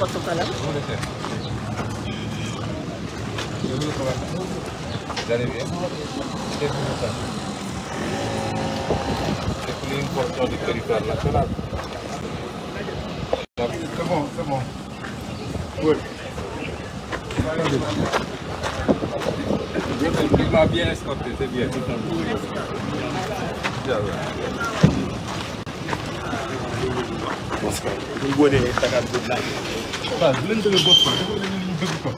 গতকাল C'est l'important du territoire national. C'est bon, c'est bon. Oui. Il m'a bien escorté, c'est bien. Tout namaskar ñu wóoree Dakar bu laaj. waaw bu leen dëgg bopp quoi dafa leen ñu dëgg ko.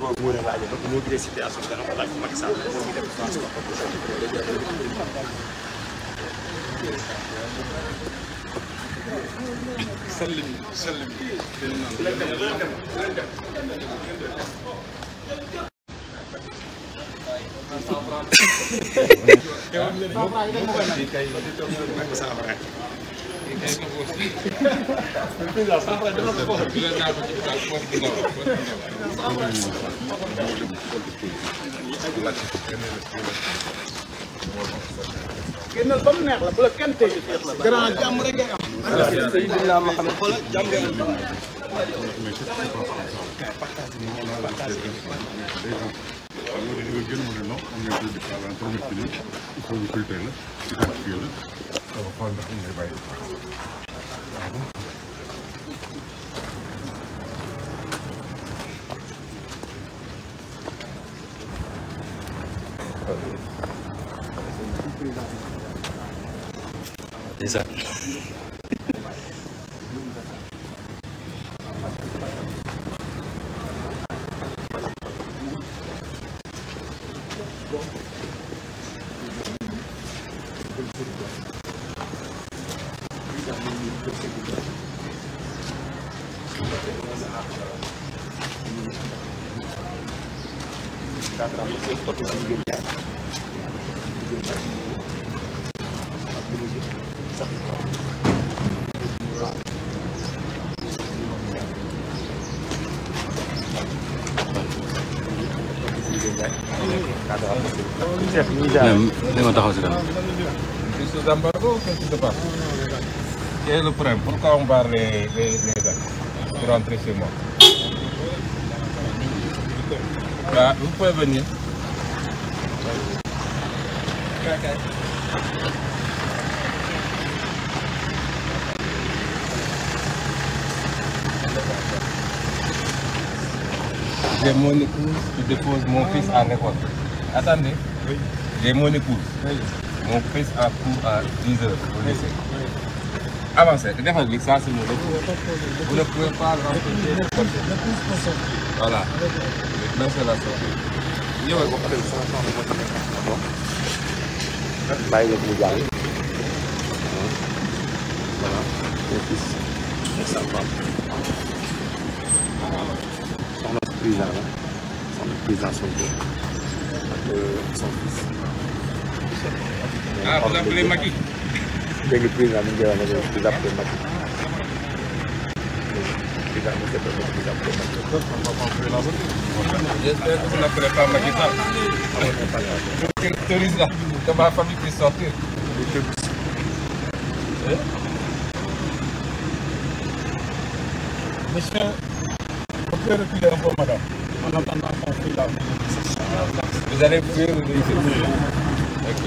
boobu moo leen laajee ba bu ñu gisee situation bi dana ko laaj Macky Sall moo ngi dem France quoi. sell bi sell bi kay génnal ba mu neex la bu la kenn tey grand jàmm rek ngay am Seydina Mohamed xoolal jàmm ngay am il faut ndeysaan Gracias. li ma taxaw si kanam. Fils d'embargo ou fils de passe Quel est le problème Pourquoi on barre les, les, les gars pour entrer chez moi Là, vous pouvez venir. J'ai mon épouse qui dépose mon fils en école. Attendez. Oui. J'ai mon épouse. Oui. Mon fils a cours à 10 heures au lycée. Avancez, défendez, ça c'est mon épouse. Vous ne pouvez pas rentrer. Voilà. Maintenant c'est la sortie. yow boo xamee sama soxna moo ci nekk. bàyyi nga fi mu jàll. voilà. mon fils ak sa femme. soxna président la soxna président Sonko. son fils. ah vous appelez Macky. dégg nga président mi ngi koy wax ne vous appelez Macky. président mi ngi koy wax ne vous appelez Macky. j'espère que vous n'appelez pas Macky Sall. je m'autorise là que ma famille puisse sortir. Monsieur, on peut reculer un peu, madame, en attendant qu'on fait la Vous allez pouvez vous dire. Ok.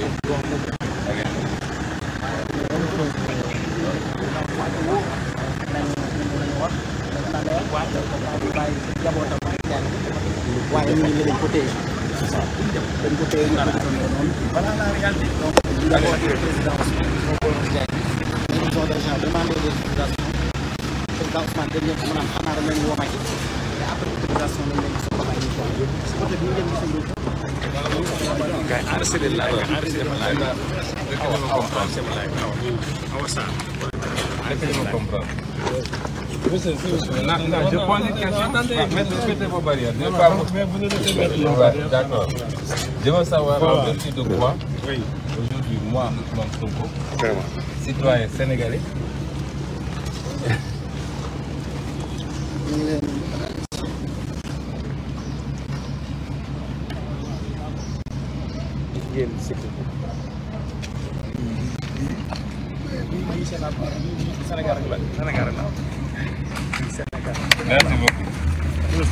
waaye ñu ngi dañ ko téye dañ ko téye ñu naan ak noonu voilà la réalité donc ñu ngi wax ne président Ousmane déjà demandé des autorisations président Ousmane dañ leen ko mën a xanaa dañ leen woo Macky te après autorisation lañ leen Kayak arsile lah, kayak arsile lah. Mereka mau kompromi lah, awasan. Mereka mau kompromi. Non, non, je pose une question. Mettez, mettez vos barrières. Ne pas vous. Mais vous ne mettez pas vos barrières. D'accord. Je veux savoir en vertu de quoi, aujourd'hui, moi, Ousmane Sonko, citoyen sénégalais,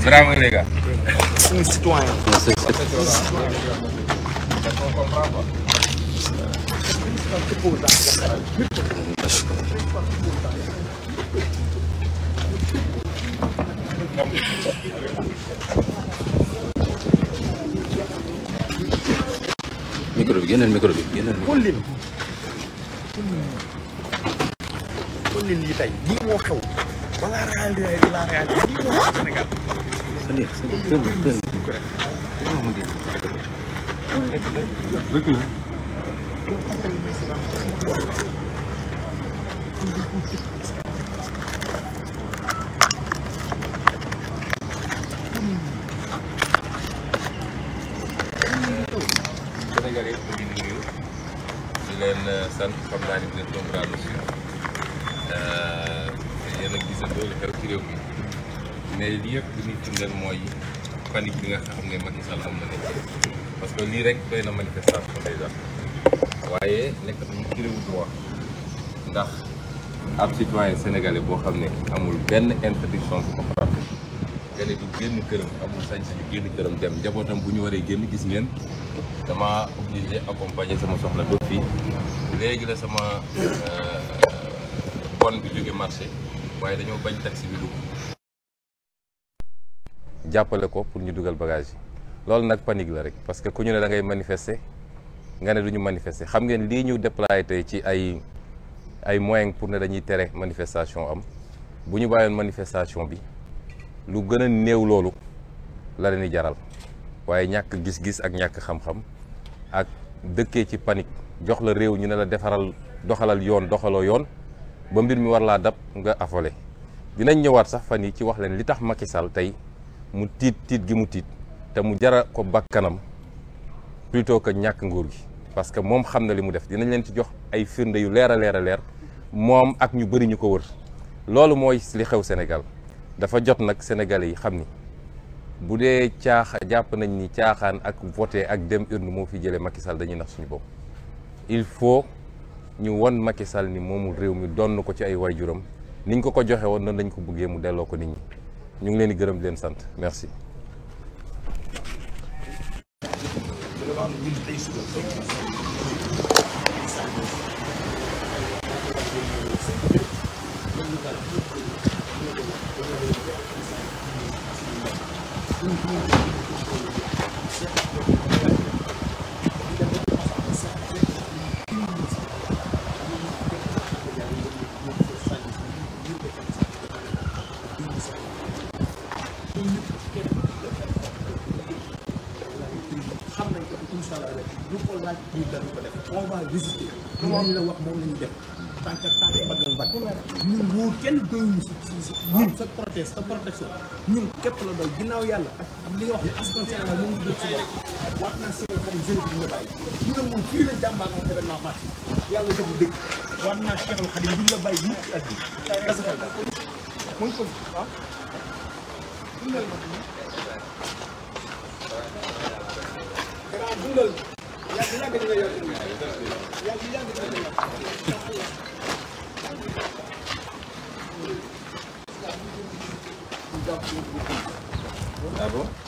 Bravo les gars. Un citoyen. micro bi génneel micro bi génneel. xollil xollil yi tey lii moo xew balaa réalité laa réalité lii moo xew Sénégal. Salir, salir, dönme, dönme. Tamam diyelim. Dökülün. Sénégal yëpp ñu ngi nuyu di leen euh, sant xam naa ni vous êtes nombreux monsieur yéen a gisandoo li xew ci réew mi mais lii yëpp li ñuy firndeel mooy panique bi nga xam ne Macky am na parce que lii rek doy na des déjà waaye nekk nañu ci réewu droit ndax ab citoyen sénégalais boo xam ne amul benn interdiction bu ko frappé nga génn këram amul sañ-sañu génn këram dem njabootam bu ñu waree génn gis ngeen dama obligé accompagner sama soxla ba fii léegi la sama euh, bon bi jóge marché waaye dañoo bañ taxi bi dugg jàppale ko pour ñu dugal bagage yi loolu nag panique la rek parce que ku ñu ne dangay ngay nga ne du ñu manifester xam ngeen lii ñu déployé tey ci ay ay moyens pour ne dañuy tere manifestation am bu ñu bàyyoon manifestation bi lu gën a néew loolu la leen di jaral waaye ñàkk gis-gis ak ñàkk xam-xam ak dëkkee ci panique jox la réew ñu ne la defaral doxalal yoon doxaloo yoon ba mbir mi war laa dab nga affolé dinañ ñëwaat sax fan yi ci wax leen li tax Macky Sall tey. mu tiit tiit gi mu tiit te mu jara ko bakkanam plutôt ko ñàkk nguur gi parce que moom xam na li mu def dinañ leen ci jox ay firnde yu leer a leer a leer moom ak ñu bëri ñu ko wër loolu mooy li xew senegal dafa jot nag sénégalais yi xam ni bu dee caaxa jàpp nañ ni caaxaan ak voté ak dem urne moo fi jëlee Macky Sall dañuy nax suñu bopp il faut ñu won Macky Sall ni moomul réew mi doon ko ci ay waajuram niñ ko ko joxe woon noonu lañ ko bëggee mu delloo ko nit ñi ñu ngi leen di gërëm leen sant merci. combat bi dañu ko def on va résister moom la wax moom la ñu def tànk tànk baggal bat ñun wóor kenn doyuñu si ñun sa protège sa protection ñun képp la doy ginnaaw yàlla ak li nga wax ne askan Sénégal moom ñu si bopp wax naa seen xam jeune bi nga bàyyi ñu ne moom fii la jàmbaar moom événement marché yàlla defu dëgg wax naa Cheikhul Khadim duñ la bàyyi mukk at bi gasafal daal mooy ko waaw ah? dundal ma dundal Ah bon